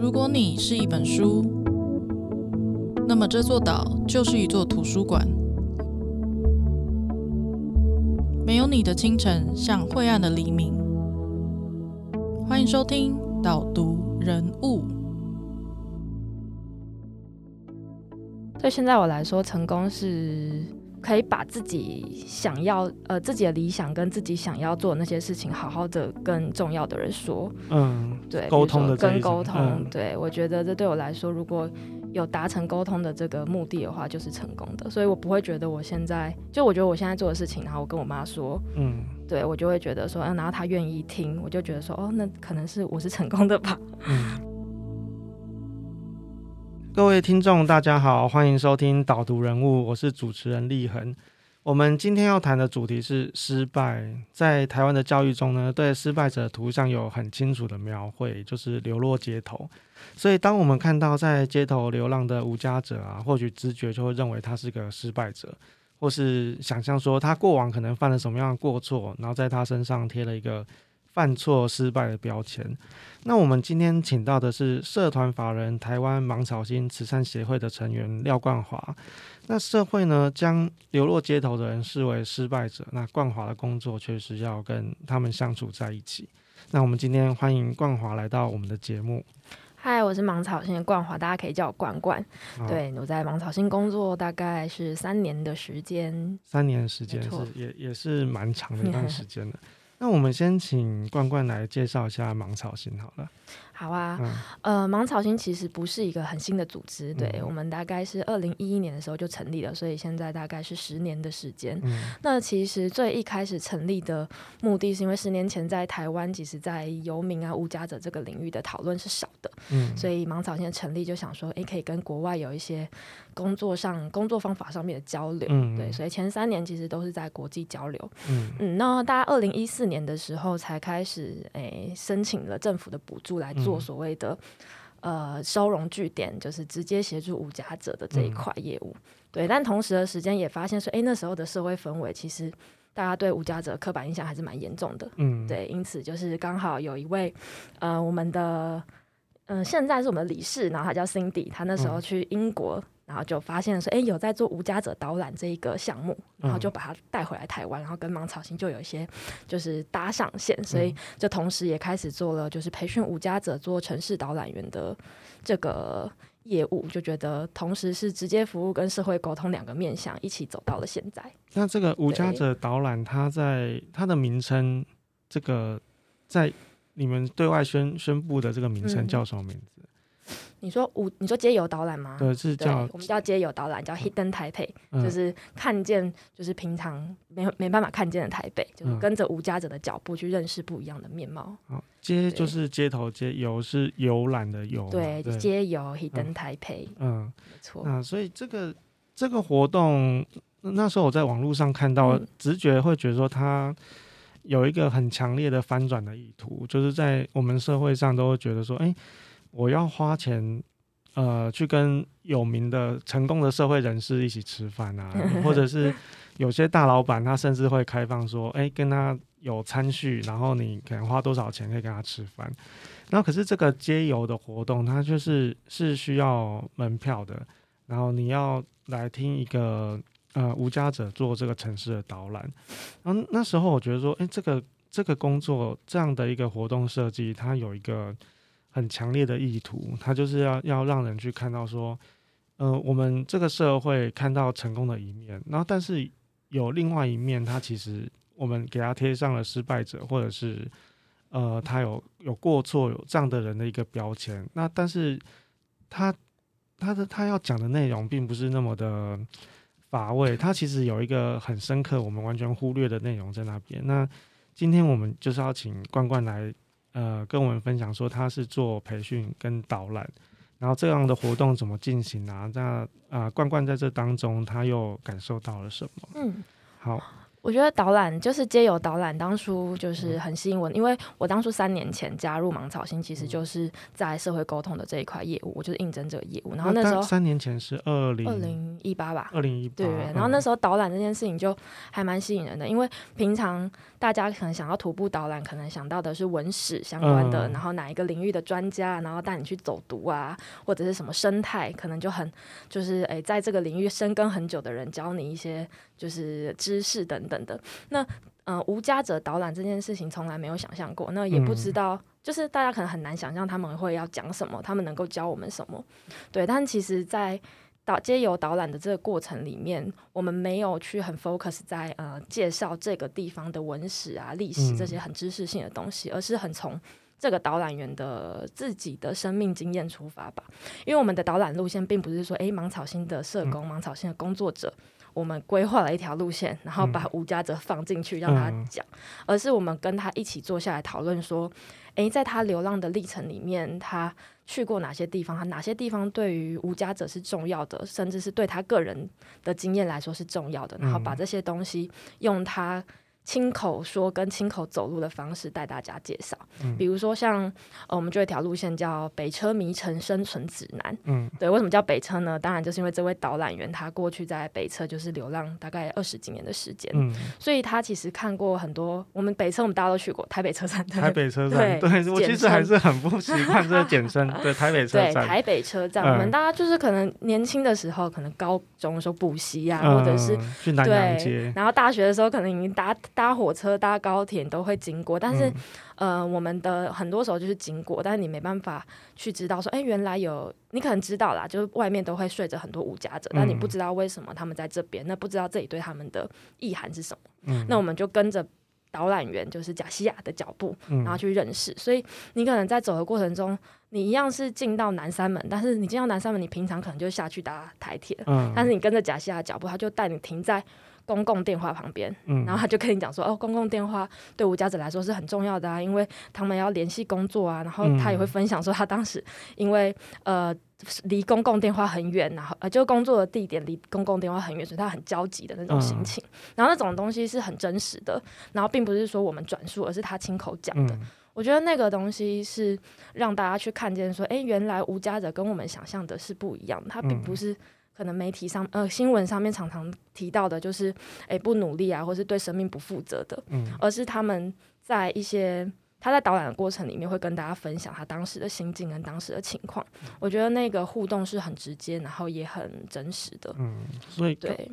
如果你是一本書，那麼這座島就是一座圖書館。沒有你的清晨像晦暗的黎明。歡迎收聽《島讀人物》。對，現在我來說，成功是。可以把自己想要，呃，自己的理想跟自己想要做的那些事情，好好的跟重要的人說。嗯，對，溝通的跟溝通，嗯，對，我覺得這對我來說，如果有達成溝通的這個目的的話，就是成功的。所以我不會覺得我現在就，我覺得我現在做的事情，然後我跟我媽說，嗯，對，我就會覺得說，呃，然後她願意聽，我就覺得說，哦，那可能是我是成功的吧。嗯各位聽眾，大家好，歡迎收聽《島讀人物》，我是主持人立恆。我們今天要談的主題是失敗。在台灣的教育中呢，對失敗者圖像有很清楚的描繪，就是流落街頭。所以，當我們看到在街頭流浪的無家者啊，或許直覺就會認為他是個失敗者，或是想象說他過往可能犯了什麼樣的過錯，然後在他身上貼了一個。犯錯失敗的標籤。那我們今天請到的是社團法人台灣芒草心慈善協會的成員廖冠華。那社會呢，將流落街頭的人視為失敗者。那冠華的工作，確實要跟他們相處在一起。那我們今天歡迎冠華來到我們的節目。嗨，我是芒草心的冠華，大家可以叫我冠冠。對，我在芒草心工作大概是三年的時間，三年的時間是也是也，也是蠻長的一段時間的。 那我們先請冠冠來介紹一下芒草心好了。好啊、嗯，呃，芒草心其實不是一個很新的組織，對、嗯、我們大概是二零一一年的時候就成立了，所以現在大概是十年的時間、嗯。那其實最一開始成立的目的是因為十年前在台灣，其實在游民啊、無家者這個領域的討論是少的，嗯，所以芒草心成立就想說，哎，可以跟國外有一些工作上、工作方法上面的交流，嗯、對，所以前三年其實都是在國際交流，嗯嗯，那大概二零一四年的時候才開始，哎，申請了政府的補助來做。做、嗯、所謂的呃收容據點，就是直接協助無家者的這一塊業務、嗯，對。但同時的時間也發現說，誒、欸，那時候的社會氛圍其實大家對無家者的刻板印象還是蠻嚴重的，嗯，對。因此就是剛好有一位呃我們的嗯、呃、現在是我們的理事，然後她叫 Cindy，她那時候去英國。嗯然後就發現說，誒，有在做無家者導覽這一個項目，然後就把它帶回來台灣，然後跟芒草心就有一些就是搭上線，所以就同時也開始做了就是培訓無家者做城市導覽員的這個業務，就覺得同時是直接服務跟社會溝通兩個面向一起走到了現在。那這個無家者導覽，它在它的名稱，這個在你們對外宣宣布的這個名稱叫什麼名字？嗯你說“無”，你說“街遊導覽”嗎？對，是叫我們叫“街遊導覽”，叫 “Hidden 台北”、嗯、就是看見，就是平常沒沒辦法看見的台北，嗯、就是、跟着無家者的腳步去認識不一樣的面貌。嗯、街就是街頭，街遊是遊覽的遊覽，對。對，街遊、嗯、Hidden 台北。嗯，沒錯。那所以這個這個活動，那時候我在網絡上看到、嗯，直覺會覺得說，他有一個很強烈的翻轉的意圖、嗯，就是在我們社會上都會覺得說，哎。我要花錢，呃，去跟有名的、成功的社會人士一起吃飯啊，或者是有些大老板，他甚至會開放說，哎、欸，跟他有餐敘，然後你可能花多少錢可以跟他吃飯。然後，可是這個街遊的活動，它就是是需要門票的，然後你要來聽一個呃無家者做這個城市的導覽。嗯，那時候我覺得說，哎、欸，這個這個工作這樣的一個活動設計，它有一個很強烈的意圖，他就是要要讓人去看到說，呃，我們這個社會看到成功的一面，然後但是有另外一面，他其實我們給他貼上了失敗者或者是呃，他有有過錯有這樣的人的一個標籤。那但是他他的他要講的內容並不是那麼的乏味，他其實有一個很深刻我們完全忽略的內容在那邊。那今天我們就是要請冠冠來。呃，跟我們分享說他是做培訓跟導覽，然後這樣的活動怎麼進行呢？那啊，冠冠、啊呃、在這當中他又感受到了什麼？嗯，好，我覺得導覽就是街遊導覽，當初就是很吸引我，嗯、因為我當初三年前加入芒草心，其實就是在社會溝通的這一塊業務，我就是應徵這個業務，然後那時候、啊、三年前是二零二零一八吧，二零一八對，然後那時候導覽這件事情就還蠻吸引人的，因為平常。大家可能想要徒步導覽，可能想到的是文史相關的，嗯、然後哪一個領域的專家，然後帶你去走讀啊，或者是什麼生態，可能就很就是誒、欸，在這個領域深耕很久的人，教你一些就是知識等等的。那呃，無家者導覽這件事情從來沒有想象過，那也不知道、嗯，就是大家可能很難想象他們會要講什麼，他們能夠教我們什麼。對，但其實，在接由導街遊導覽的這個過程裡面，我們沒有去很 focus 在呃介紹這個地方的文史啊、歷史這些很知識性的東西，嗯、而是很從這個導覽員的自己的生命經驗出發吧。因為我們的導覽路線並不是說，哎、欸，芒草心的社工、嗯、芒草心的工作者，我們規劃了一條路線，然後把無家者放進去讓他講、嗯嗯，而是我們跟他一起坐下來討論說，哎、欸，在他流浪的歷程裡面，他。去過哪些地方？他哪些地方對於無家者是重要的，甚至是對他個人的經驗來說是重要的？然後把這些東西用他。親口說跟親口走路的方式帶大家介紹，嗯、比如說像呃，我們就有一條路線叫《北車迷城生存指南》。嗯，對，為什麼叫北車呢？當然就是因為這位導覽員他過去在北車就是流浪大概二十幾年的時間，嗯，所以他其實看過很多。我們北車，我們大家都去過台北車站。台北車站，對，站對，對，我其實還是很不習慣這個簡稱。 對，台北車站，台北車站，我們大家就是可能年輕的時候，可能高中的時候補習啊，或者是、嗯、對去南陽街，然後大學的時候可能已經搭。搭火車、搭高鐵都會經過，但是、嗯，呃，我們的很多時候就是經過，但是你沒辦法去知道說，哎、欸，原來有你可能知道啦，就是外面都會睡着很多無家者，那、嗯、你不知道為什麼他們在這邊，那不知道這裡對他們的意涵是什麼。嗯、那我們就跟着導覽員，就是賈西亞的腳步，然後去認識、嗯。所以你可能在走的過程中，你一樣是進到南三門，但是你進到南三門，你平常可能就下去搭台鐵、嗯，但是你跟着賈西亞的腳步，他就帶你停在。公共電話旁邊，然後他就跟你講說：“哦，公共電話對無家者來說是很重要的啊，因為他們要聯繫工作啊。”然後他也會分享說，他當時因為、嗯、呃離公共電話很遠、啊，然後呃就工作的地點離公共電話很遠，所以他很焦急的那種心情、嗯。然後那種東西是很真實的，然後並不是說我們轉述，而是他親口講的、嗯。我覺得那個東西是讓大家去看見說：“哎、欸，原來無家者跟我們想象的是不一樣，他並不是。”可能媒體上，呃，新聞上面常常提到的，就是，誒、欸，不努力啊，或是對生命不負責的，嗯，而是他們在一些，他在導覽的過程裡面會跟大家分享他當時的心境跟當時的情況、嗯，我覺得那個互動是很直接，然後也很真實的，嗯，所以對，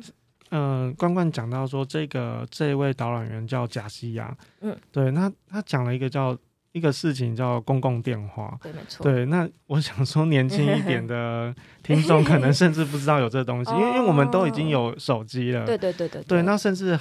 嗯、呃，冠冠講到說這個這一位導覽員叫賈西亞，嗯，對，那他講了一個叫。一個事情叫公共電話，對，沒錯。對，那我想說，年輕一點的聽眾可能甚至不知道有這東西， 因為因為我們都已經有手機了。哦、對對對對對。對，那甚至。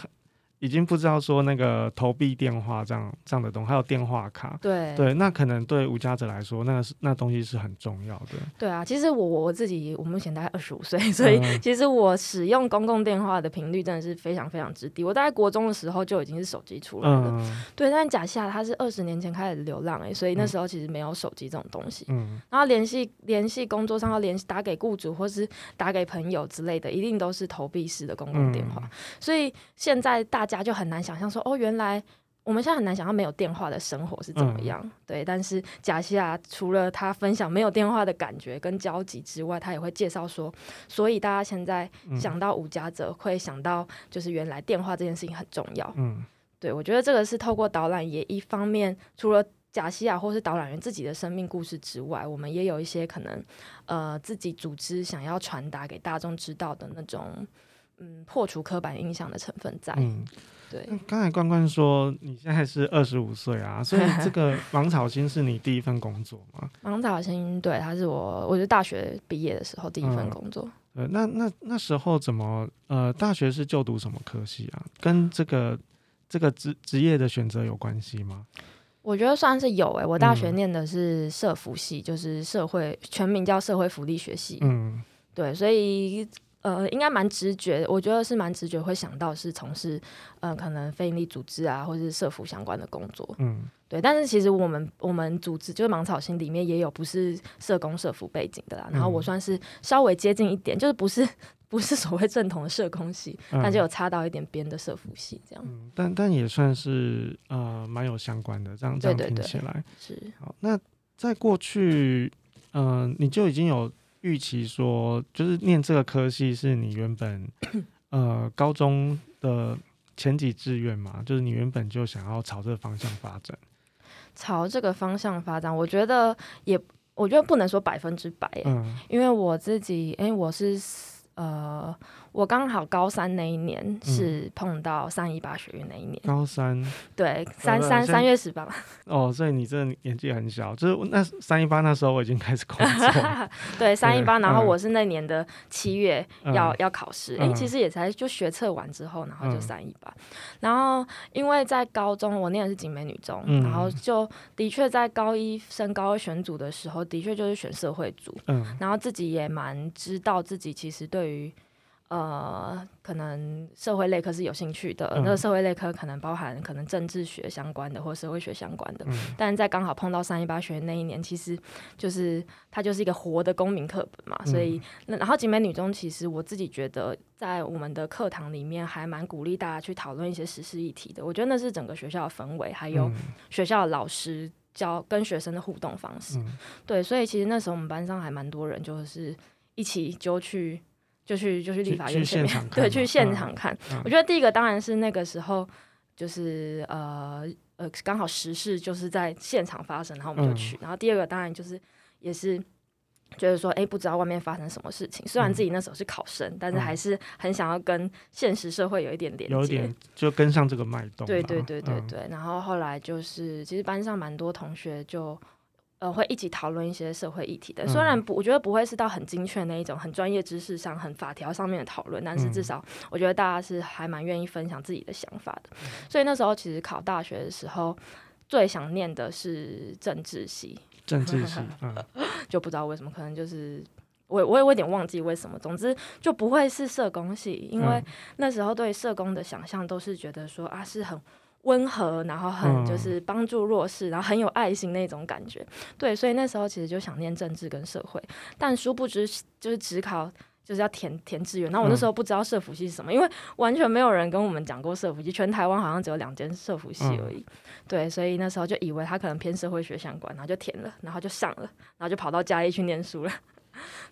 已經不知道說那個投幣電話這樣這樣的東西，還有電話卡，對對，那可能對無家者來說，那個是那東西是很重要的。對啊，其實我我自己，我目前大概二十五歲，所以其實我使用公共電話的頻率真的是非常非常之低。我大概國中的時候就已經是手機出來了，嗯、對。但假設他、啊、是二十年前開始流浪誒、欸，所以那時候其實沒有手機這種東西，嗯、然後聯繫聯繫工作上要聯繫打給雇主或是打給朋友之類的，一定都是投幣式的公共電話。嗯、所以現在大。家就很難想象說哦，原來我們現在很難想象沒有電話的生活是怎麼樣。嗯，對，但是賈西亞除了他分享沒有電話的感覺跟交集之外，他也會介紹說，所以大家現在想到無家者，會想到就是原來電話這件事情很重要。嗯，對，我覺得這個是透過導覽也一方面，除了賈西亞或是導覽員自己的生命故事之外，我們也有一些可能呃自己組織想要傳達給大眾知道的那種。嗯，破除刻板印象的成分在。嗯，對。剛、嗯、才冠冠說你現在是二十五歲啊，所以這個芒草心是你第一份工作嗎？ 芒草心，對，他是我，我就大學畢業的時候第一份工作。呃、嗯，那那那時候怎麼呃，大學是就讀什麼科系啊？跟這個這個職職業的選擇有關係嗎？我覺得算是有誒、欸，我大學念的是社福系，嗯、就是社會全名叫社會福利學系。嗯，對，所以。呃，應該蠻直覺我覺得是蠻直覺會想到是從事，呃，可能非營利組織啊，或者是社服相關的工作，嗯，對。但是其實我們我們組織就是芒草心裡面也有不是社工社服背景的啦，然後我算是稍微接近一點，就是不是不是所謂正統的社工系，嗯，但就有插到一點邊的社服系這樣。嗯，但但也算是呃蠻有相關的這樣，這樣，對對對，聽起來是。好，那在過去，嗯，呃，你就已經有。預期說，就是念這個科系是你原本 呃高中的前幾志願嘛，就是你原本就想要朝這個方向發展，朝這個方向發展。我覺得也，我覺得不能說百分之百，嗯，因為我自己，哎、欸，我是呃。我剛好高三那一年是碰到三一八學院那一年。嗯、高三。三對,對,對，三三三月十八。哦，所以你這年紀很小，就是那三一八那時候我已經開始工作 對，三一八，然後我是那年的七月要、嗯、要考試，哎、嗯欸，其實也才就學測完之後，然後就三一八，然後因為在高中我念的是景美女中、嗯，然後就的確在高一升高二選組的時候，的確就是選社會組，嗯、然後自己也蠻知道自己其實對於。呃，可能社會類科是有興趣的，嗯、那個、社會類科可能包含可能政治學相關的或社會學相關的。嗯、但在剛好碰到三一八學運那一年，其實就是它就是一個活的公民課本嘛。嗯、所以，那然後景美女中其實我自己覺得，在我們的課堂裡面還蠻鼓勵大家去討論一些時事議題的。我覺得那是整個學校的氛圍，還有學校的老師教跟學生的互動方式、嗯。對，所以其實那時候我們班上還蠻多人，就是一起就去。就去就去立法院前面，對，去現場看，嗯、現場看嗯。我覺得第一個當然是那個時候，就是呃、嗯、呃，剛好時事就是在現場發生，然後我們就去。嗯、然後第二個當然就是也是覺得說，哎、欸，不知道外面發生什麼事情。雖然自己那時候是考生，嗯、但是還是很想要跟現實社會有一點連結，有一點就跟上這個脈動。對對對對對、嗯。然後後來就是，其實班上蠻多同學就。呃，會一起討論一些社會議題的、嗯。雖然不，我覺得不會是到很精確那一種，很專業知識上、很法條上面的討論，但是至少我覺得大家是還蠻願意分享自己的想法的、嗯。所以那時候其實考大學的時候，最想念的是政治系。政治系， 嗯、就不知道為什麼，可能就是我，我也有點忘記為什麼。總之就不會是社工系，因為那時候對社工的想象都是覺得說啊，是很。溫和，然後很就是幫助弱勢、嗯，然後很有愛心那種感覺。對，所以那時候其實就想念政治跟社會，但殊不知就是只考就是要填填志願。然後我那時候不知道社福系是什麼、嗯，因為完全沒有人跟我們講過社福系，全台灣好像只有兩間社福系而已、嗯。對，所以那時候就以為他可能偏社會學相關，然後就填了，然後就上了，然後就跑到嘉義去念書了。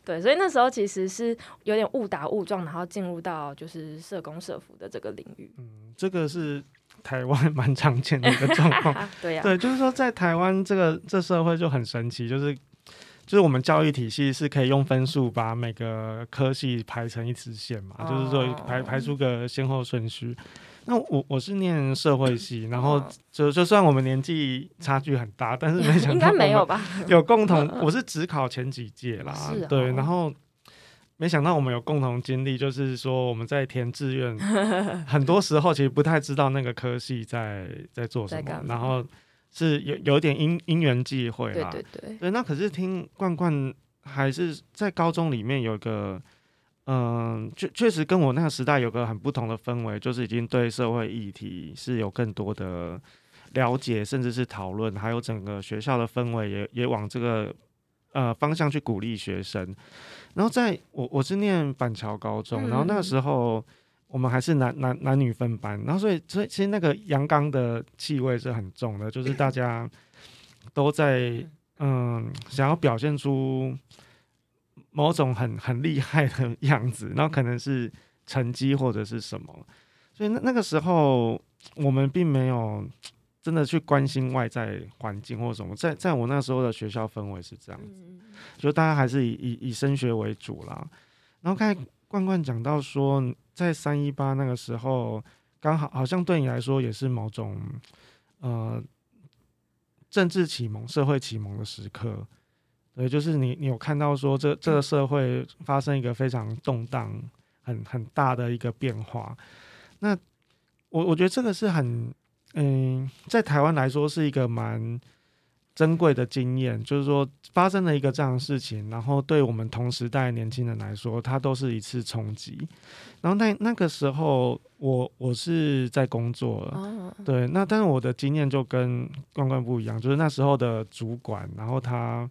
對，所以那時候其實是有點誤打誤撞，然後進入到就是社工社福的這個領域。嗯，這個是。台灣蠻常見的一個狀況， 對呀，啊，對，就是說在台灣這個這個，社會就很神奇，就是就是我們教育體系是可以用分數把每個科系排成一次線嘛，哦，就是說排排出個先後順序。那我我是念社會系，嗯，然後就就算我們年紀差距很大，但是沒想到應該沒有吧？有共同，我是指考前幾屆啦，啊，對，然後。沒想到我們有共同經歷，就是說我們在填志願， 很多時候其實不太知道那個科系在在做什麼，在幹什麼，然後是有有點因因緣際，際會啦。對對對對，那可是聽冠冠還是在高中裡面有一個，嗯、呃，確確實跟我那個時代有個很不同的氛圍，就是已經對社會議題是有更多的了解，甚至是討論，還有整個學校的氛圍也也往這個呃方向去鼓勵學生。然後在，在我我是念板橋高中，然後那個時候我們還是男男男女分班，然後所以所以其實那個陽剛的氣味是很重的，就是大家都在嗯想要表現出某種很很厲害的樣子，然後可能是成績或者是什麼，所以那那個時候我們並沒有。真的去關心外在環境或什麼，在在我那時候的學校氛圍是這樣子，就大家還是以以以升學為主啦。然後剛才冠冠講到說，在三一八那個時候，剛好好像對你來說也是某種呃政治啟蒙、社會啟蒙的時刻。對，就是你你有看到說這，這這個社會發生一個非常動盪、很很大的一個變化。那我我覺得這個是很。嗯，在台灣來說是一個蠻珍貴的經驗，就是說發生了一個這樣的事情，然後對我們同時代年輕人來說，它都是一次衝擊。然後那那個時候我，我我是在工作了，啊，對，那但是我的經驗就跟冠冠不一樣，就是那時候的主管，然後他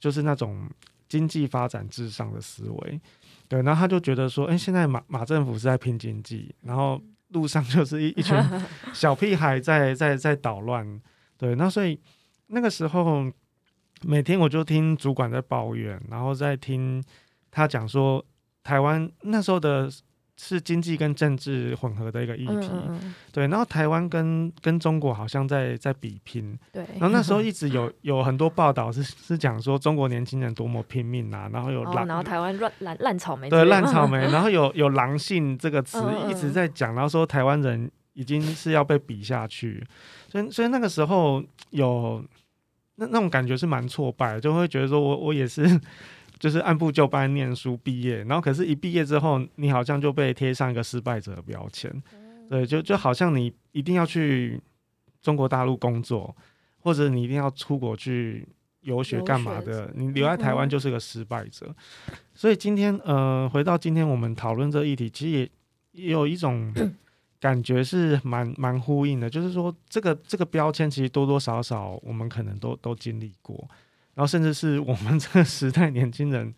就是那種經濟發展至上的思維，對，然後他就覺得說，哎、欸，現在馬馬政府是在拼經濟，然後。路上就是一一群小屁孩在在在，在搗亂，對，那所以那個時候每天我就聽主管在抱怨，然後再聽他講說台灣那時候的。是經濟跟政治混合的一個議題，嗯嗯對。然後台灣跟跟中國好像在在比拼，對。然後那時候一直有有很多報道是是講說中國年輕人多麼拼命啊，然後有狼，哦、然後台灣亂爛爛草莓，對爛草莓，然後有有狼性這個詞一直在講、嗯嗯，然後說台灣人已經是要被比下去，所以所以那個時候有那那種感覺是蠻挫敗的，就會覺得說我我也是。就是按部就班念書畢業，然後可是，一畢業之後，你好像就被貼上一個失敗者的標籤。嗯，對，就就好像你一定要去中國大陸工作，或者你一定要出國去遊學幹嘛的，你留在台灣就是個失敗者。嗯。所以今天，呃，回到今天我們討論這議題，其實也，也有一種感覺是蠻蠻呼應的，就是說，這個，這個這個標籤其實多多少少我們可能都都經歷過。然後，甚至是我們這個時代年輕人。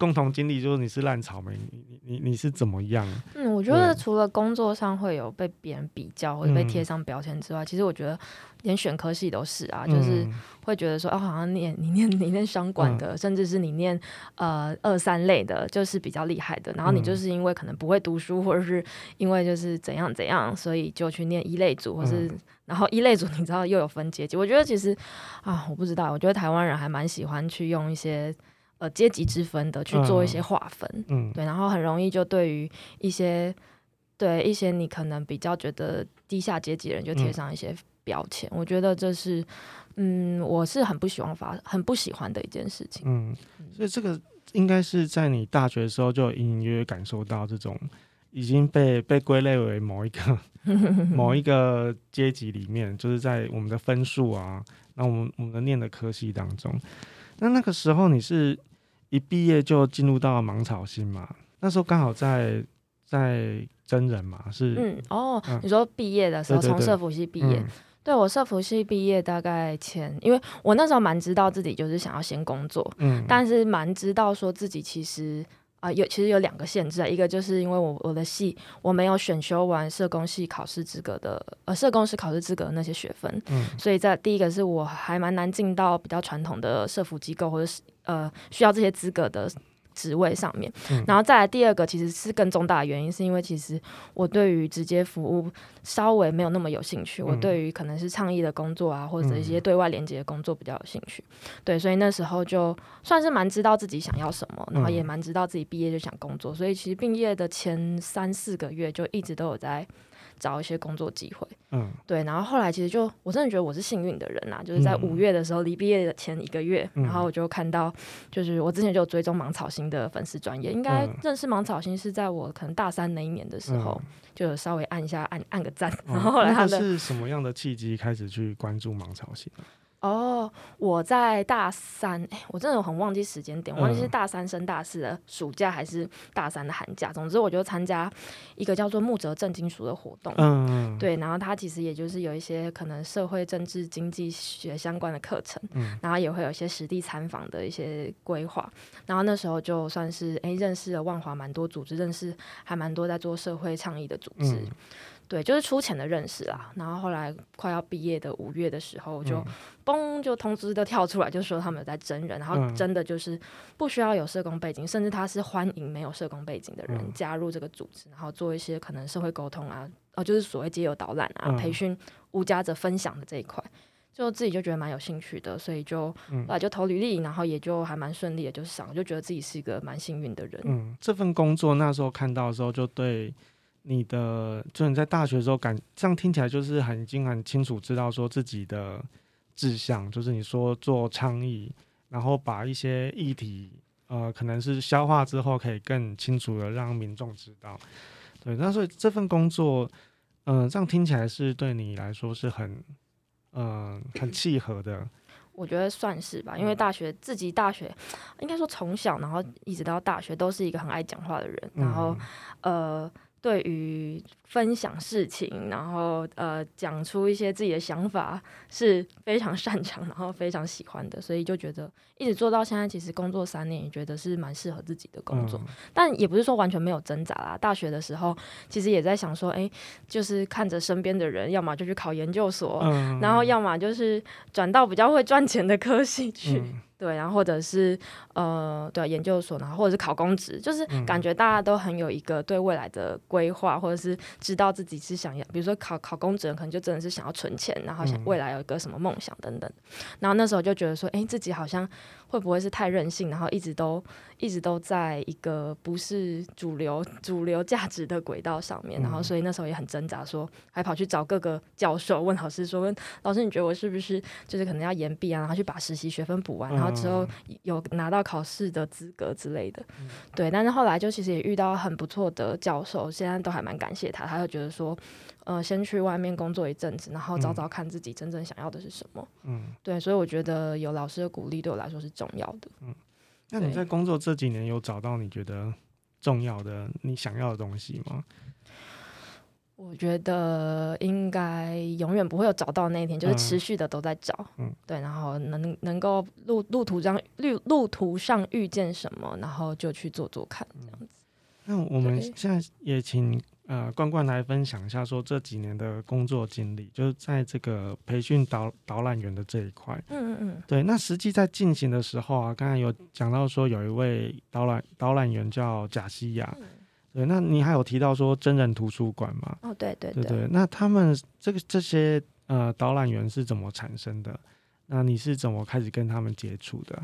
共同經歷，就是你是爛草莓，你你你你是怎麼樣？嗯，我覺得除了工作上會有被別人比較，或者被貼上標籤之外，嗯，其實我覺得連選科系都是啊，嗯，就是會覺得說，啊，好像念你念你念商管的，嗯，甚至是你念呃二三類的，就是比較厲害的，然後你就是因為可能不會讀書，或者是因為就是怎樣怎樣，所以就去念一類組，或是、嗯，然後一類組你知道又有分階級，我覺得其實啊，我不知道，我覺得台灣人還蠻喜歡去用一些。呃，階級之分的去做一些劃分，嗯，對，然後很容易就對於一些，嗯、對一些你可能比較覺得低下階級的人就貼上一些標籤、嗯，我覺得這是，嗯，我是很不喜歡發，很不喜歡的一件事情，嗯，所以這個應該是在你大學的時候就隱隱約約感受到這種已經被被歸類為某一個 某一個階級裡面，就是在我們的分數啊，那我們我們的念的科系當中，那那個時候你是。一畢業就進入到芒草心嘛，那時候剛好在在真人嘛，是嗯哦、啊，你說畢業的時候從社服系畢業，嗯、對我社服系畢業大概前，因為我那時候蠻知道自己就是想要先工作，嗯，但是蠻知道說自己其實。啊，有其實有兩個限制啊，一個就是因為我我的系我沒有選修完社工系考試資格的，呃，社工師考試資格的那些學分，嗯。所以在第一個是我還蠻難進到比較傳統的社服機構，或者是呃需要這些資格的職位上面，然後再來第二個，其實是更重大的原因，是因為其實我對於直接服務稍微沒有那麼有興趣，我對於可能是倡議的工作啊，或者一些對外連接的工作比較有興趣。對，所以那時候就算是蠻知道自己想要什麼，然後也蠻知道自己畢業就想工作，所以其實畢業的前三四個月就一直都有在。找一些工作機會，嗯，對，然後後來其實就，我真的覺得我是幸運的人啦，啊。就是在五月的時候，嗯、離畢業的前一個月，然後我就看到，就是我之前就有追蹤芒草心的粉絲專業，應該認識芒草心是在我可能大三那一年的時候，嗯、就有稍微按一下按按個讚，然後後來他、哦、那是什麼樣的契機開始去關注芒草心？哦、oh，我在大三，欸，我真的很忘記時間點，我忘記是大三升大四的暑假還是大三的寒假。總之，我就參加一個叫做慕哲政經塾的活動，嗯，對，然後它其實也就是有一些可能社會政治經濟學相關的課程，嗯，然後也會有一些實地參訪的一些規劃。然後那時候就算是哎，欸、認識了萬華蠻多組織，認識還蠻多在做社會倡議的組織。嗯對，就是粗淺的認識啦。然後後來快要畢業的五月的時候，就嘣就通知都跳出來，就說他們有在徵人，然後真的就是不需要有社工背景，嗯、甚至他是歡迎沒有社工背景的人、嗯、加入這個組織，然後做一些可能社會溝通啊，哦、啊，就是所謂街友導覽啊、嗯、培訓無家者分享的這一塊，就自己就覺得蠻有興趣的，所以就後來就投履歷，然後也就還蠻順利的，就想就覺得自己是一個蠻幸運的人。嗯，這份工作那時候看到的時候就對。你的，就你在大學的時候感這樣聽起來就是很，很清楚知道說自己的志向，就是你說做倡議，然後把一些議題，呃，可能是消化之後，可以更清楚的讓民眾知道。對，那所以這份工作，嗯、呃，這樣聽起來是對你來說是很，嗯、呃，很契合的。我覺得算是吧，因為大學自己大學，嗯、應該說從小然後一直到大學都是一個很愛講話的人，然後，嗯、呃。對於分享事情，然後呃、講出一些自己的想法，是非常擅長，然後非常喜歡的，所以就覺得一直做到現在，其實工作三年也覺得是蠻適合自己的工作。嗯，但也不是說完全沒有掙扎啦。大學的時候其實也在想說，誒，就是看着身邊的人，要麼就去考研究所，嗯，然後要麼就是轉到比較會賺錢的科系去。嗯對，然後或者是呃，對，研究所，然後或者是考公職，就是感覺大家都很有一個對未來的規劃，或者是知道自己是想要，比如說考考公職可能就真的是想要存錢，然後想未來有一個什麼夢想等等。然後那時候就覺得說，哎，自己好像會不會是太任性，然後一直都。一直都在一個不是主流、主流價值的軌道上面，然後所以那時候也很掙扎說，說還跑去找各個教授問老師說，說老師你覺得我是不是就是可能要延畢啊？然後去把實習學分補完，然後之後有拿到考試的資格之類的。對，但是後來就其實也遇到很不錯的教授，現在都還蠻感謝他。他就覺得說，呃，先去外面工作一陣子，然後找找看自己真正想要的是什麼。對，所以我覺得有老師的鼓勵對我來說是重要的。那你在工作這幾年有找到你覺得重要的、你想要的東西嗎？我覺得應該永遠不會有找到那一天，就是持續的都在找。嗯，對，然後能能夠路路途上路路途上遇見什麼，然後就去做做看這樣子、嗯、那我們現在也請。呃，冠冠來分享一下，說這幾年的工作經歷，就是在這個培訓導導覽員的這一塊。嗯嗯嗯，對。那實際在進行的時候啊，剛才有講到說有一位導覽導覽員叫賈西亞。嗯，對。那你還有提到說真人圖書館嘛？哦，對對對，對對對。那他們這個這些呃導覽員是怎麼產生的？那你是怎麼開始跟他們接觸的？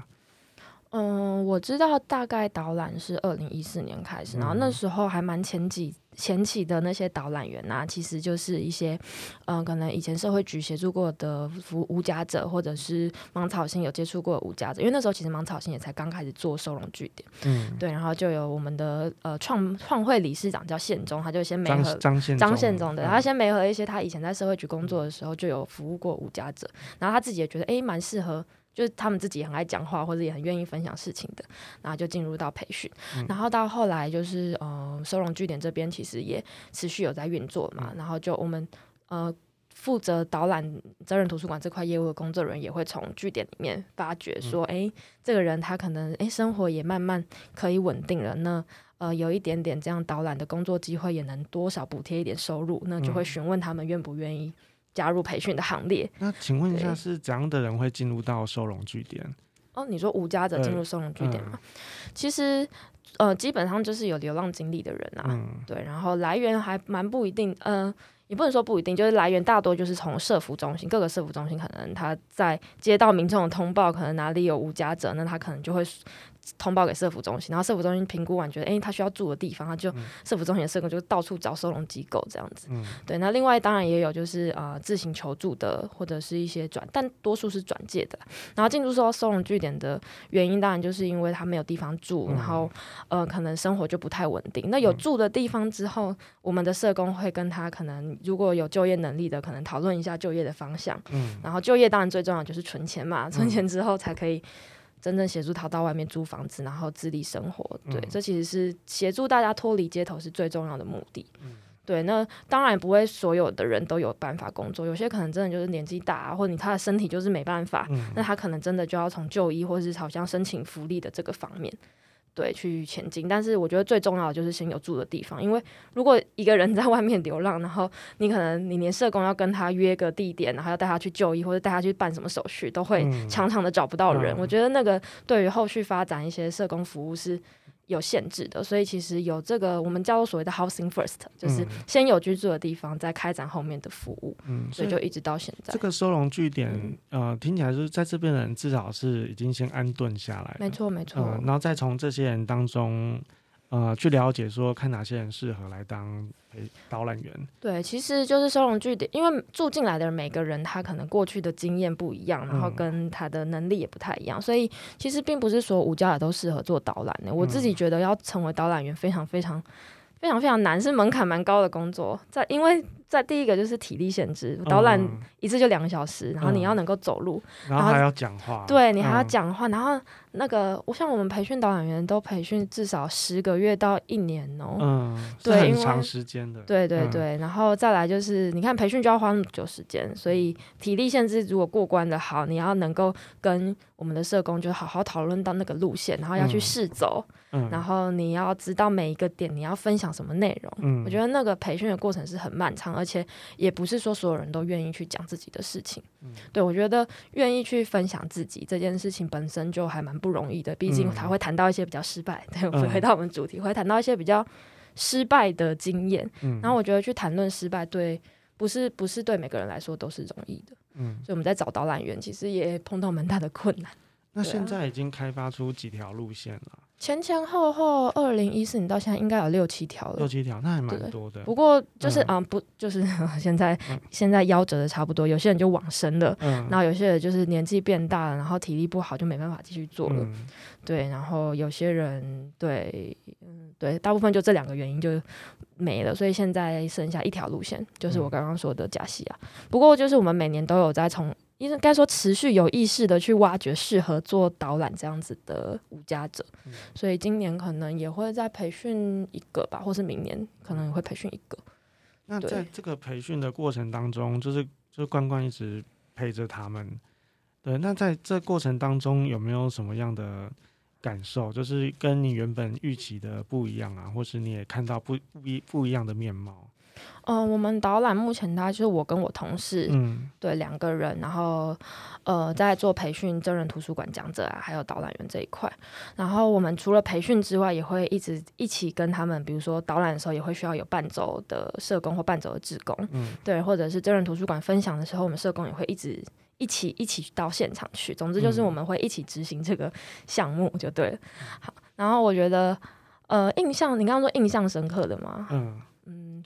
嗯，我知道大概導覽是二零一四年開始，然後那時候還蠻前幾前期的那些導覽員吶、啊，其實就是一些，嗯、呃，可能以前社會局協助過的服務無家者或者是芒草心有接觸過的無家者，因為那時候其實芒草心也才剛開始做收容據點，嗯，對，然後就有我們的呃創創會理事長叫憲宗，他就先媒合張憲宗，對，然後先媒合一些他以前在社會局工作的時候就有服務過的無家者，然後他自己也覺得哎，蠻適合。就是他們自己也很愛講話，或者也很願意分享事情的，然後就進入到培訓、嗯。然後到後來就是，呃，收容據點這邊其實也持續有在運作嘛、嗯。然後就我們呃負責導覽責任圖書館這塊業務的工作人員，也會從據點裡面發覺，說，哎、嗯欸，這個人他可能誒、欸、生活也慢慢可以穩定了，那呃有一點點這樣導覽的工作機會，也能多少補貼一點收入，那就會詢問他們願不願意。嗯加入培訓的行列。那請問一下，是怎樣的人會進入到收容據點？哦，你說無家者進入收容據點嗎、嗯？其實，呃，基本上就是有流浪經歷的人啊、嗯，對。然後來源還蠻不一定，呃，也不能說不一定，就是來源大多就是從社福中心，各個社福中心可能他在接到民眾的通報，可能哪裡有無家者，那他可能就會。通報給社福中心，然後社福中心評估完，覺得哎，他需要住的地方，他就、嗯、社福中心的社工就到處找收容機構這樣子。嗯、對，那另外當然也有就是呃自行求助的，或者是一些轉，但多數是轉介的。然後進入收收容據點的原因，當然就是因為他沒有地方住，嗯、然後呃可能生活就不太穩定。那有住的地方之後，嗯、我們的社工會跟他可能如果有就業能力的，可能討論一下就業的方向。嗯，然後就業當然最重要就是存錢嘛，存錢之後才可以。真正協助他到外面租房子，然後自立生活。對、嗯，這其實是協助大家脫離街頭是最重要的目的、嗯。對，那當然不會所有的人都有辦法工作，有些可能真的就是年紀大啊，或者你他的身體就是沒辦法，嗯、那他可能真的就要從就醫，或是好像申請福利的這個方面。對，去前進。但是我覺得最重要的就是先有住的地方，因為如果一個人在外面流浪，然後你可能你連社工要跟他約個地點，然後要帶他去就醫或者帶他去辦什麼手續，都會常常的找不到人，嗯。我覺得那個對於後續發展一些社工服務是。有限制的，所以其實有這個我們叫做所謂的 housing first，就是先有居住的地方，再開展後面的服務。嗯，所以就一直到現在，嗯、這個收容據點，呃，聽起來就是在這邊的人至少是已經先安頓下來，沒錯沒錯，呃，然後再從這些人當中。呃，去了解說看哪些人適合來當導覽員。對，其實就是收容據點，因為住進來的每個人，他可能過去的經驗不一樣，然後跟他的能力也不太一樣，嗯、所以其實並不是說無家者都適合做導覽的。我自己覺得要成為導覽員非常非常非常非常難，是門檻蠻高的工作。在因為在第一個就是體力限制，導覽一次就兩個小時，嗯，然後你要能夠走路，嗯、然後，然後還要講話，對你還要講話，嗯，然後那個，我像我們培訓導覽員都培訓至少十個月到一年哦，嗯，對，很長時間的，對對對，對，嗯，然後再來就是你看培訓就要花很久時間，所以體力限制如果過關的好，你要能夠跟我們的社工就好好討論到那個路線，然後要去試走。嗯然後你要知道每一個點你要分享什麼內容，嗯，我覺得那個培訓的過程是很漫長，而且也不是說所有人都願意去講自己的事情。嗯，對我覺得願意去分享自己這件事情本身就還蠻不容易的，畢竟他會談到一些比較失敗。嗯，對，我回到我們主題，會談到一些比較失敗的經驗。嗯，然後我覺得去談論失敗，對，不是不是對每個人來說都是容易的。嗯，所以我們在找導覽員，其實也碰到蠻大的困難。那現在已經開發出幾條路線了？前前後後二零一四年到現在應該有六七條了，六七條那還蠻多的。不過就是、嗯、啊，不就是現在、嗯、現在夭折的差不多，有些人就往生了，嗯，然後有些人就是年紀變大了，然後體力不好就沒辦法繼續做了，嗯、對，然後有些人對嗯對，大部分就這兩個原因就沒了，所以現在剩下一條路線就是我剛剛說的假戲啊、嗯。不過就是我們每年都有在從。應該說持續有意識的去挖掘適合做導覽這樣子的無家者、嗯，所以今年可能也會再培訓一個吧，或是明年可能會培訓一個。那在這個培訓的過程當中，就是就是冠冠一直陪着他們，對，那在這過程當中有沒有什麼樣的感受？就是跟你原本預期的不一樣啊，或是你也看到不不一不一樣的面貌？嗯、呃，我們導覽目前他就是我跟我同事，嗯，對，兩個人，然後呃，在做培訓、真人圖書館講者啊，還有導覽員這一塊。然後我們除了培訓之外，也會一直一起跟他們，比如說導覽的時候也會需要有伴走的社工或伴走的志工，嗯，對，或者是真人圖書館分享的時候，我們社工也會一直一起一起到現場去。總之就是我們會一起執行這個項目，就對、嗯。好，然後我覺得呃，印象你剛剛說印象深刻的嘛，嗯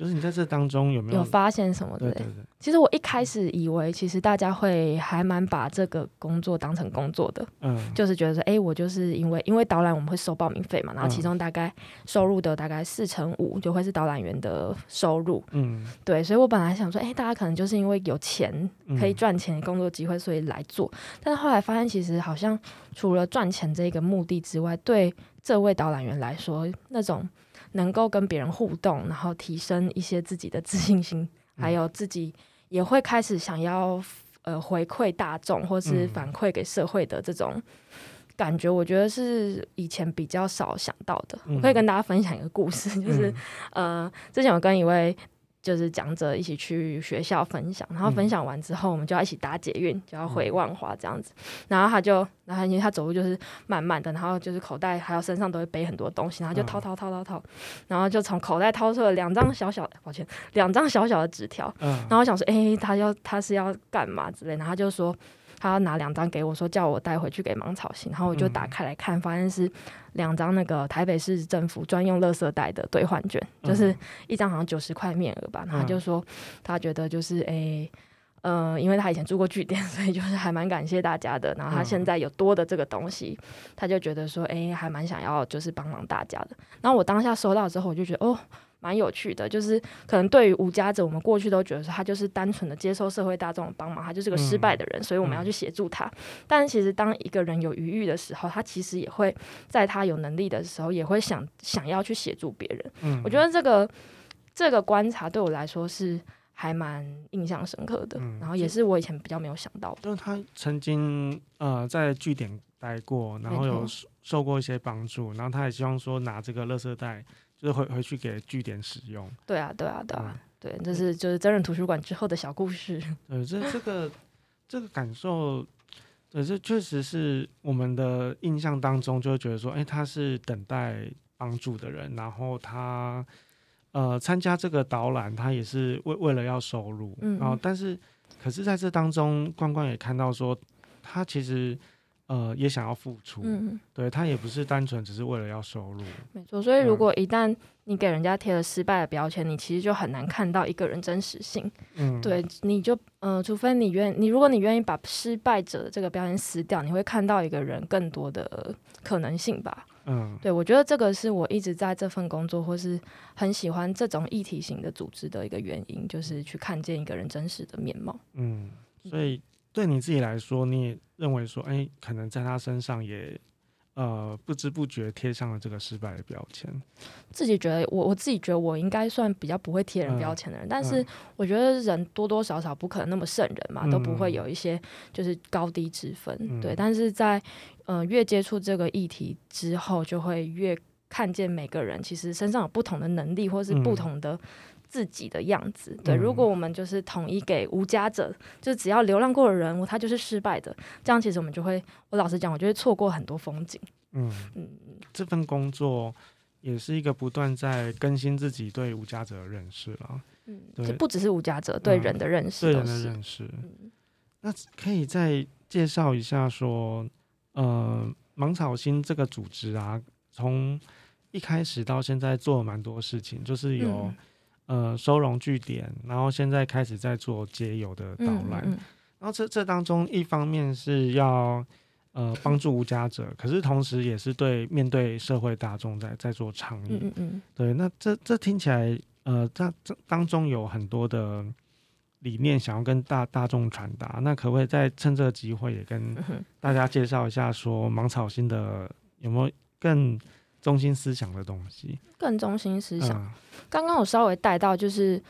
就是你在這當中有沒有有發現什麼的？欸？對對對。其實我一開始以為，其實大家會還蠻把這個工作當成工作的，嗯，就是覺得說，哎、欸，我就是因為因為導覽我們會收報名費嘛，然後其中大概收入的大概四成五就會是導覽員的收入，嗯，對，所以我本來想說，哎、欸，大家可能就是因為有錢可以賺錢工作機會所以來做，嗯、但是後來發現，其實好像除了賺錢這個目的之外，對這位導覽員來說，那種。能夠跟別人互動，然後提升一些自己的自信心，還有自己也會開始想要呃回饋大眾，或是反饋給社會的這種感覺，嗯，我覺得是以前比較少想到的。嗯。我可以跟大家分享一個故事，就是，嗯，呃，之前我跟一位。就是講者一起去學校分享，然後分享完之後，我們就要一起搭捷運，嗯，就要回萬華這樣子。然後他就，然後因為他走路就是慢慢的，然後就是口袋還有身上都會背很多東西，然後就掏、掏掏掏掏掏，然後就從口袋掏出了兩張小小，抱歉，兩張小小的紙條。嗯。然後我想說，哎，欸，他要他是要幹嘛之類的，然後他就說他要拿兩張給我說，說叫我帶回去給芒草心。然後我就打開來看，嗯，發現是。兩張那個台北市政府專用垃圾袋的兌換券，就是一張好像九十塊面額吧。嗯、然後他就說他覺得就是哎，嗯、呃，因為他以前住過據點，所以就是還蠻感謝大家的。然後他現在有多的這個東西，嗯、他就覺得說哎，還蠻想要就是幫忙大家的。然後我當下收到之後，我就覺得哦。蠻有趣的，就是可能對於無家者，我們過去都覺得說他就是單純的接受社會大眾的幫忙，他就是個失敗的人，所以我們要去協助他、嗯嗯。但其實當一個人有餘裕的時候，他其實也會在他有能力的時候，也會想想要去協助別人、嗯。我覺得這個這個觀察對我來說是還蠻印象深刻的、嗯，然後也是我以前比較沒有想到的。就是他曾經呃在據點待過，然後有受過一些幫助，然後他也希望說拿這個垃圾袋。就是回回去給據點使用。對啊，對啊，對啊，嗯、對，這是就是真人圖書館之後的小故事。呃，這這個這個感受，呃，這確實是我們的印象當中就覺得說，哎，他是等待幫助的人，然後他呃參加這個導覽，他也是為為了要收入，嗯、然後但是可是在這當中，冠冠也看到說，他其實。呃，也想要付出，嗯、對他也不是單純只是為了要收入。沒錯，所以如果一旦你給人家貼了失敗的標籤，嗯、你其實就很難看到一個人真實性。嗯，對，你就嗯、呃，除非你願你，如果你願意把失敗者的這個標籤撕掉，你會看到一個人更多的可能性吧。嗯，對，我覺得這個是我一直在這份工作或是很喜歡這種議題型的組織的一個原因，就是去看見一個人真實的面貌。嗯，嗯，所以。對你自己來說，你也認為說，誒，可能在他身上也，呃，不知不覺貼上了這個失敗的標籤。自己覺得，我我自己覺得我應該算比較不會貼人標籤的人，嗯、但是我覺得人多多少少不可能那麼聖人嘛、嗯，都不會有一些就是高低之分、嗯，對。但是在，呃，越接觸這個議題之後，就會越，看見每個人其實身上有不同的能力，或是不同的自己的樣子、嗯。對，如果我們就是統一給無家者，就只要流浪過的人，他就是失敗的。這樣其實我們就會，我老實講，我就會錯過很多風景。嗯嗯，這份工作也是一個不斷在更新自己對無家者的認識了。嗯，這不只是無家者對人的認識、嗯是，對人的認識。嗯、那可以再介紹一下說，呃，芒草心這個組織啊，從一開始到現在做了蠻多事情，就是有、嗯、呃收容據點，然後現在開始在做街遊的導覽、嗯嗯嗯，然後這這當中一方面是要呃幫助無家者呵呵，可是同時也是對面對社會大眾在在做倡議，嗯,嗯,嗯對，那這這聽起來呃這這當中有很多的理念想要跟大大眾傳達，那可不可以再趁這個機會也跟大家介紹一下，說芒草心的有沒有更？中心思想的東西，更中心思想。剛、嗯、剛我稍微帶到，就是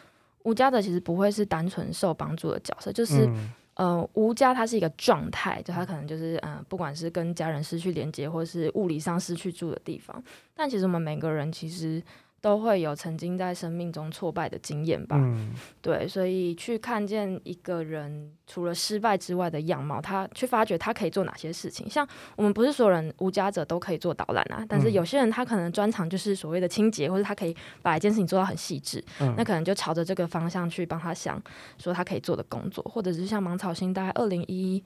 無家的其實不會是單純受幫助的角色，就是、嗯、呃，無家它是一個狀態，就他可能就是呃，不管是跟家人失去連接，或是物理上失去住的地方，但其實我們每個人其實。都會有曾經在生命中挫敗的經驗吧，嗯，對，所以去看見一個人除了失敗之外的樣貌，他去發覺他可以做哪些事情。像我們不是所有人無家者都可以做導覽啊，但是有些人他可能專長就是所謂的清潔，或者他可以把一件事情做到很細緻，嗯，那可能就朝着這個方向去幫他想說他可以做的工作，或者是像芒草心。大概二零一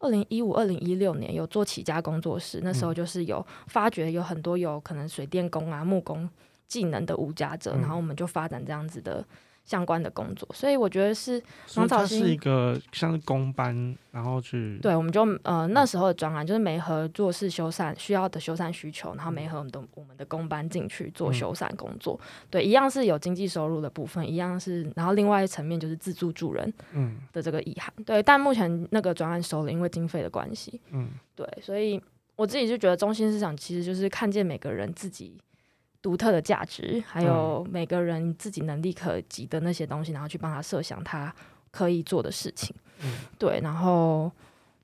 二零一五、二零一六年有做起家工作室，那時候就是有發覺有很多有可能水電工啊、木工。技能的無家者，然後我們就發展這樣子的相關的工作，嗯、所以我覺得是。所以它是一個像是工班，然後去對，我們就呃那時候的專案就是媒合做是修繕需要的修繕需求，然後媒合我們的我們的工班進去做修繕工作、嗯。對，一樣是有經濟收入的部分，一樣是，然後另外一層面就是自助助人，的這個意涵、嗯。對，但目前那個專案收了，因為經費的關係，嗯，對，所以我自己就覺得中心思想其實就是看見每個人自己。獨特的價值，還有每個人自己能力可及的那些東西、嗯，然後去幫他設想他可以做的事情。嗯，對，然後，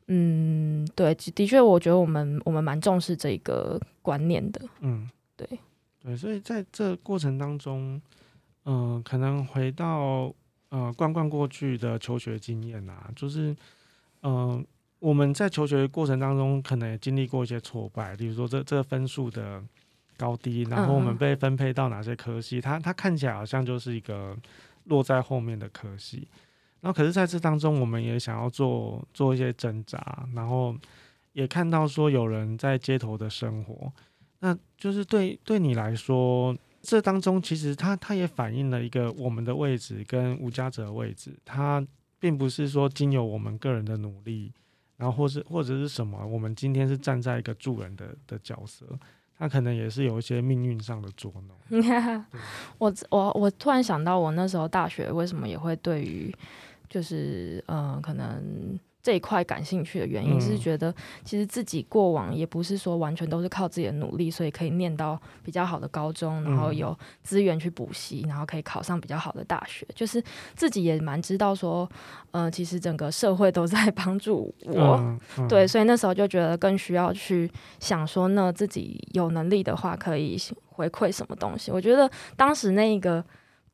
嗯，對，的確，我覺得我們我們蠻重視這個觀念的。嗯，對，對，所以在這過程當中，嗯、呃，可能回到呃冠冠過去的求學經驗啊，就是，嗯、呃，我們在求學過程當中可能也經歷過一些挫敗，比如說這這分數的。高低，然後我們被分配到哪些科系？嗯嗯它它看起來好像就是一個落在後面的科系。然後，可是在這當中，我們也想要做做一些掙扎，然後也看到說有人在街頭的生活。那就是對對你來說，這當中其實它它也反映了一個我們的位置跟無家者的位置。它並不是說經由我們個人的努力，然後或是或者是什麼，我們今天是站在一個助人的的角色。那、啊、可能也是有一些命運上的捉弄。Yeah. 我我我突然想到，我那時候大學為什麼也會對於就是嗯可能。這一塊感興趣的原因是覺得其實自己過往也不是說完全都是靠自己的努力，所以可以念到比較好的高中，然後有資源去補習，然後可以考上比較好的大學。就是自己也蠻知道說，嗯、呃，其實整個社會都在幫助我、嗯嗯，對，所以那時候就覺得更需要去想說那自己有能力的話可以回饋什麼東西。我覺得當時那個。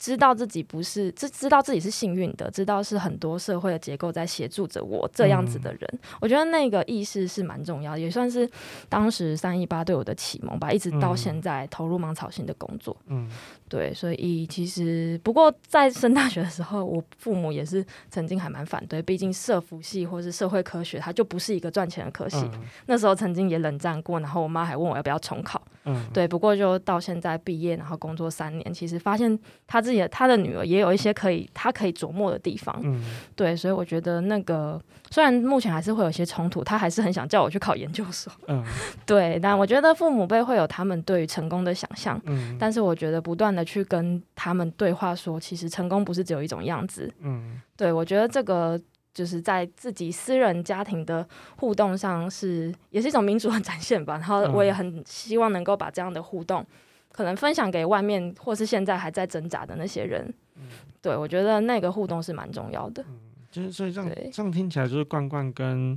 知道自己不是，知知道自己是幸運的，知道是很多社會的結構在協助着我這樣子的人，嗯、我覺得那個意識是蠻重要的，也算是當時三一八對我的啟蒙吧，一直到現在投入芒草心的工作。嗯，對，所以其實不過在升大學的時候，我父母也是曾經還蠻反對，畢竟社服系或是社會科學，它就不是一個賺錢的科系、嗯。那時候曾經也冷戰過，然後我媽還問我要不要重考。嗯，對，不過就到現在畢業，然後工作三年，其實發現他自己也他的女兒也有一些可以他可以琢磨的地方、嗯，對，所以我覺得那個雖然目前還是會有些衝突，他還是很想叫我去考研究所，嗯、 對，但我覺得父母輩會有他們對於成功的想象、嗯，但是我覺得不斷的去跟他們對話說，說其實成功不是只有一種樣子、嗯，對，我覺得這個就是在自己私人家庭的互動上是也是一種民主的展現吧，然後我也很希望能夠把這樣的互動。嗯可能分享給外面，或是現在還在掙扎的那些人。嗯、對我覺得那個互動是蠻重要的。嗯，就是所以這樣這樣聽起來，就是冠冠跟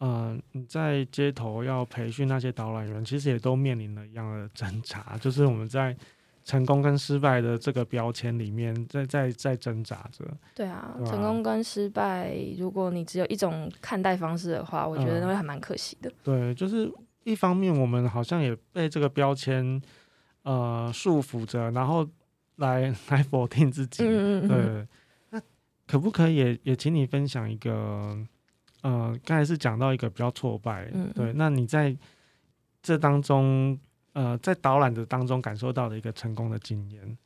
嗯、呃、在街頭要培訓那些導覽員，其實也都面臨了一樣的掙扎，就是我們在成功跟失敗的這個標籤裡面在，在在在掙扎着。對啊對，成功跟失敗，如果你只有一種看待方式的話，我覺得那會還蠻可惜的、嗯。對，就是一方面我們好像也被這個標籤。呃，束縛着，然後來來否定自己。對嗯對、嗯嗯嗯，那可不可以也也請你分享一個？呃，剛才是講到一個比較挫敗。對，嗯嗯那你在這當中，呃，在導覽的當中感受到的一個成功的經驗。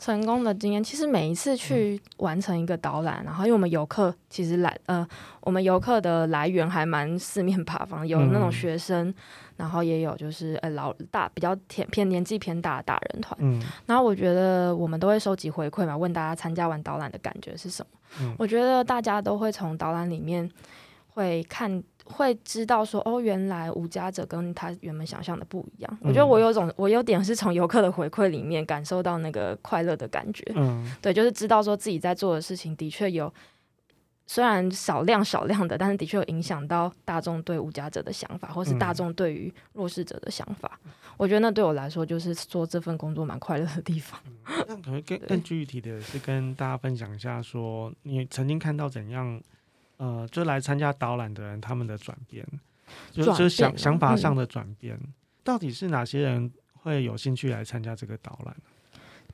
成功的經驗其實每一次去完成一個導覽，嗯，然後因為我們遊客其實來呃，我們遊客的來源還蠻四面八方，有那種學生，嗯，然後也有就是呃老大比較偏偏年紀偏大的大人團。嗯，然後我覺得我們都會收集回饋嘛，問大家參加完導覽的感覺是什麼？嗯，我覺得大家都會從導覽裡面會看。會知道說哦，原來無家者跟他原本想象的不一樣。嗯，我覺得我有種，我有點是從遊客的回饋裡面感受到那個快樂的感覺。嗯，對，就是知道說自己在做的事情的確有，雖然少量少量的，但是的確有影響到大眾對無家者的想法，或是大眾對於弱勢者的想法。嗯，我覺得那對我來說，就是做這份工作蠻快樂的地方。那、嗯，可能更更具體的是跟大家分享一下說，說你曾經看到怎樣。呃，就來參加導覽的人，他們的轉變，就是想想法上的轉變，嗯，到底是哪些人會有興趣來參加這個導覽？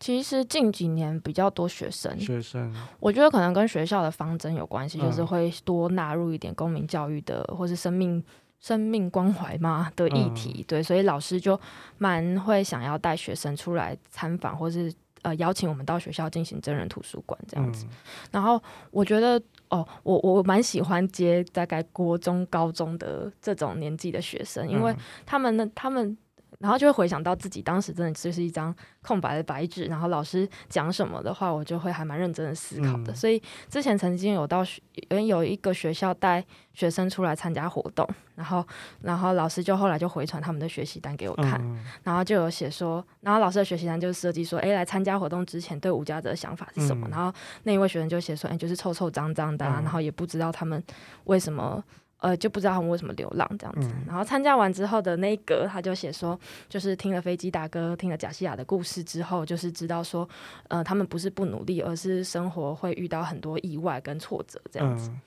其實近幾年比較多學生，學生，我覺得可能跟學校的方針有關係，就是會多納入一點公民教育的，嗯，或是生命生命關懷嘛的議題，嗯，對，所以老師就蠻會想要帶學生出來參訪，或是。呃，邀請我們到學校進行真人圖書館這樣子，嗯、然後我覺得哦，我我蠻喜歡接大概國中、高中的這種年紀的學生，因為他們的他們。然後就會回想到自己當時真的就是一張空白的白紙，然後老師講什麼的話，我就會還蠻認真的思考的。嗯、所以之前曾經有到有有一個學校帶學生出來參加活動，然後然後老師就後來就回傳他們的學習單給我看，嗯、然後就有寫說，然後老師的學習單就是設計說，哎，來參加活動之前對無家者的想法是什麼，嗯？然後那一位學生就寫說，哎，就是臭臭髒髒的，啊嗯，然後也不知道他們為什麼。呃，就不知道他們為什麼流浪這樣子。嗯、然後參加完之後的那個，他就寫說，就是聽了飛機大哥、聽了賈西亞的故事之後，就是知道說，呃，他們不是不努力，而是生活會遇到很多意外跟挫折這樣子。嗯、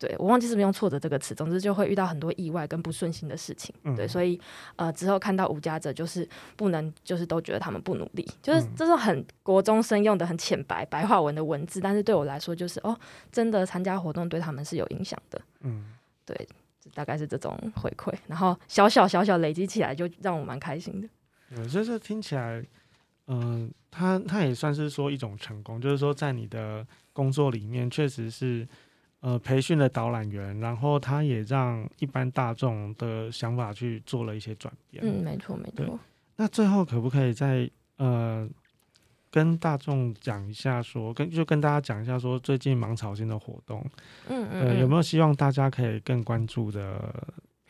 對我忘記是不是用“挫折”這個詞，總之就會遇到很多意外跟不順心的事情。嗯、對，所以呃，之後看到無家者，就是不能就是都覺得他們不努力，就是這種很國中生用的很淺白白話文的文字，但是對我來說，就是哦，真的參加活動對他們是有影響的。嗯對，大概是這種回饋，然後小小小小累積起來，就讓我蠻開心的。有些事聽起來，嗯、呃，他他也算是說一種成功，就是說在你的工作裡面，確實是呃培訓的導覽員，然後他也讓一般大眾的想法去做了一些轉變。嗯，沒錯沒錯。那最後可不可以再呃？跟大眾講一下說，說跟就跟大家講一下，說最近芒草心的活動，嗯、呃、嗯，有沒有希望大家可以更關注的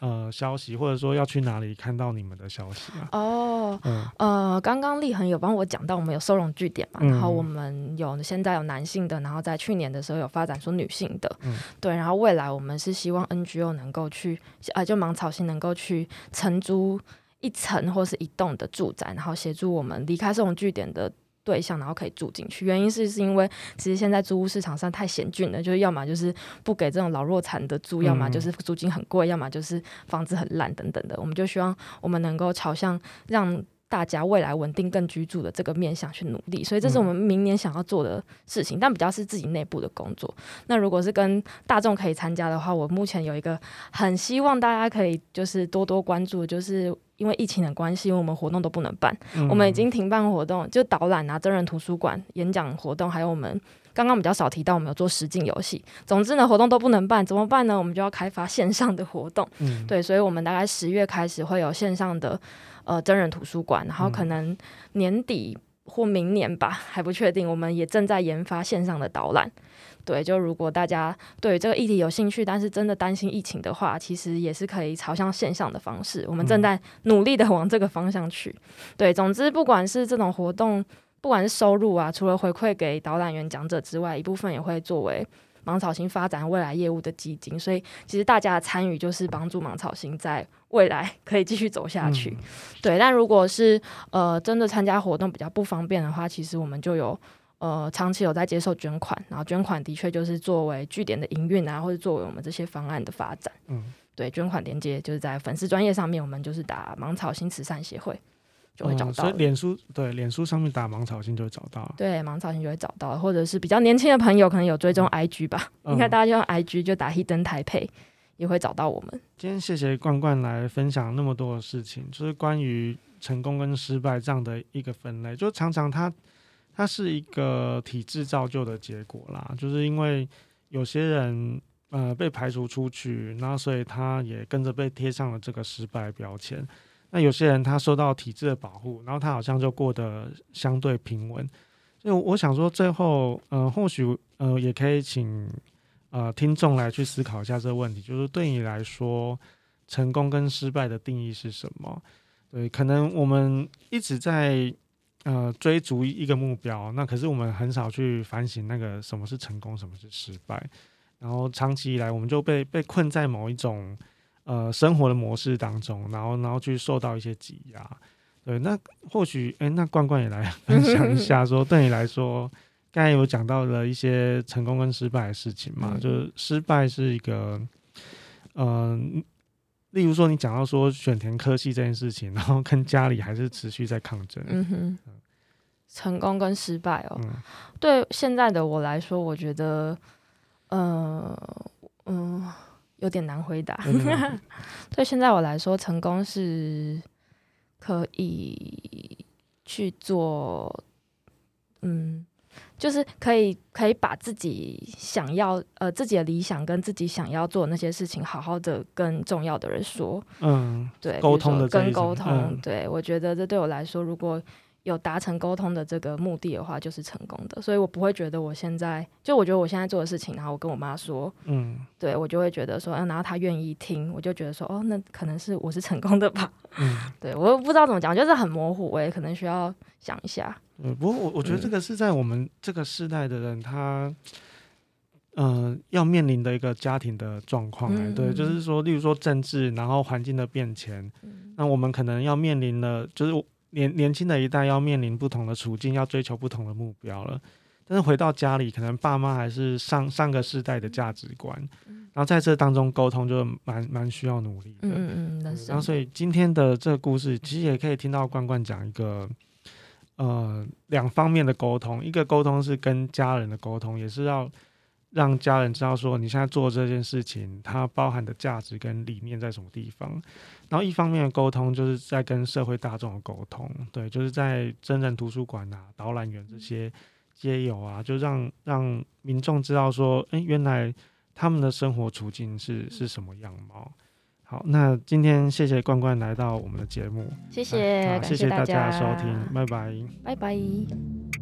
呃消息，或者說要去哪裡看到你們的消息啊？哦，嗯、呃，剛剛立恆有幫我講到，我們有收容據點嘛、嗯，然後我們有現在有男性的，然後在去年的時候有發展出女性的，嗯、對，然後未來我們是希望 NGO 能夠去啊，就芒草心能夠去承租一層或是一棟的住宅，然後協助我們離開收容據點的。對象，然後可以住進去。原因是是因為其實現在租屋市場上太險峻了，就是要麼就是不給這種老弱殘的住、嗯，要麼就是租金很貴，要麼就是房子很爛等等的。我們就希望我們能夠朝向讓大家未來穩定更居住的這個面向去努力。所以這是我們明年想要做的事情，嗯、但比較是自己內部的工作。那如果是跟大眾可以參加的話，我目前有一個很希望大家可以就是多多關注，就是。因為疫情的關係，因為我們活動都不能辦、嗯，我們已經停辦活動，就導覽啊、真人圖書館、演講活動，還有我們剛剛比較少提到，我們有做實景遊戲。總之呢，活動都不能辦，怎麼辦呢？我們就要開發線上的活動。嗯、對，所以我們大概十月開始會有線上的呃真人圖書館，然後可能年底。嗯或明年吧，還不確定。我們也正在研發線上的導覽，對。就如果大家對這個議題有興趣，但是真的擔心疫情的話，其實也是可以朝向線上的方式。我們正在努力的往這個方向去。嗯、對，總之不管是這種活動，不管是收入啊，除了回饋給導覽員講者之外，一部分也會作為。芒草心發展未來業務的基金，所以其實大家的參與就是幫助芒草心在未來可以繼續走下去。嗯。對，但如果是呃真的參加活動比較不方便的話，其實我們就有呃長期有在接受捐款，然後捐款的確就是作為據點的營運啊，或者作為我們這些方案的發展。嗯、對，捐款連接就是在粉絲專頁上面，我們就是打芒草心慈善協會。就會找到、嗯，所以臉書對，臉書上面打芒草心就會找到了對，對，芒草心就會找到，或者是比較年輕的朋友可能有追蹤 IG 吧，應、嗯、該大家就用 IG 就打 Hidden Taipei 也會找到我們。今天謝謝冠冠來分享那麼多的事情，就是關於成功跟失敗這樣的一個分類，就常常他他是一個體制造就的結果啦，就是因為有些人呃被排除出去，那所以他也跟着被貼上了這個失敗標籤。那有些人他受到體制的保護，然後他好像就過得相對平穩。所以我想說，最後，嗯、呃，或許，呃，也可以請，呃，聽眾來去思考一下這個問題，就是對你來說，成功跟失敗的定義是什麼？對，可能我們一直在呃追逐一個目標，那可是我們很少去反省那個什麼是成功，什麼是失敗，然後長期以來我們就被被困在某一種。呃，生活的模式當中，然後然後去受到一些擠壓，對，那或許，哎、欸，那冠冠也來分享一下說，說 對你來說，剛才有講到了一些成功跟失敗的事情嘛，就是失敗是一個，嗯、呃，例如說你講到說選填科系這件事情，然後跟家裡還是持續在抗爭，嗯哼，成功跟失敗哦，嗯、對，現在的我來說，我覺得，呃，嗯。有點難回答。嗯、 對現在我來說，成功是可以去做，嗯，就是可以可以把自己想要呃，自己的理想跟自己想要做的那些事情，好好的跟重要的人說。嗯，對，溝通的跟溝通，嗯、對，我覺得這對我來說，如果，有達成溝通的這個目的的話，就是成功的，所以我不會覺得我現在就我覺得我現在做的事情，然後我跟我媽說，嗯，對我就會覺得說，呃、然後她願意聽，我就覺得說，哦，那可能是我是成功的吧，嗯，對我不知道怎麼講，就是很模糊，我也可能需要想一下。嗯，不過我我覺得這個是在我們這個世代的人，他，嗯，呃、要面臨的一個家庭的狀況、欸嗯嗯嗯，對，就是說，例如說政治，然後環境的變遷、嗯，那我們可能要面臨的就是。年年輕的一代要面臨不同的處境，要追求不同的目標了。但是回到家裡，可能爸媽還是上上個世代的價值觀，嗯，然後在這當中溝通就蠻蠻需要努力的。嗯，嗯，嗯，然後所以今天的這個故事，其實也可以聽到冠冠講一個，呃，兩方面的溝通，一個溝通是跟家人的溝通，也是要。讓家人知道說，你現在做這件事情，它包含的價值跟理念在什麼地方，然後一方面的溝通，就是在跟社會大眾的溝通，對，就是在真人圖書館啊、導覽員這些街友啊，就讓讓民眾知道說，哎，原來他們的生活處境是是什麼樣貌。好，那今天謝謝冠冠來到我們的節目，謝謝、啊謝，啊、謝謝大家的收聽，拜拜，拜拜。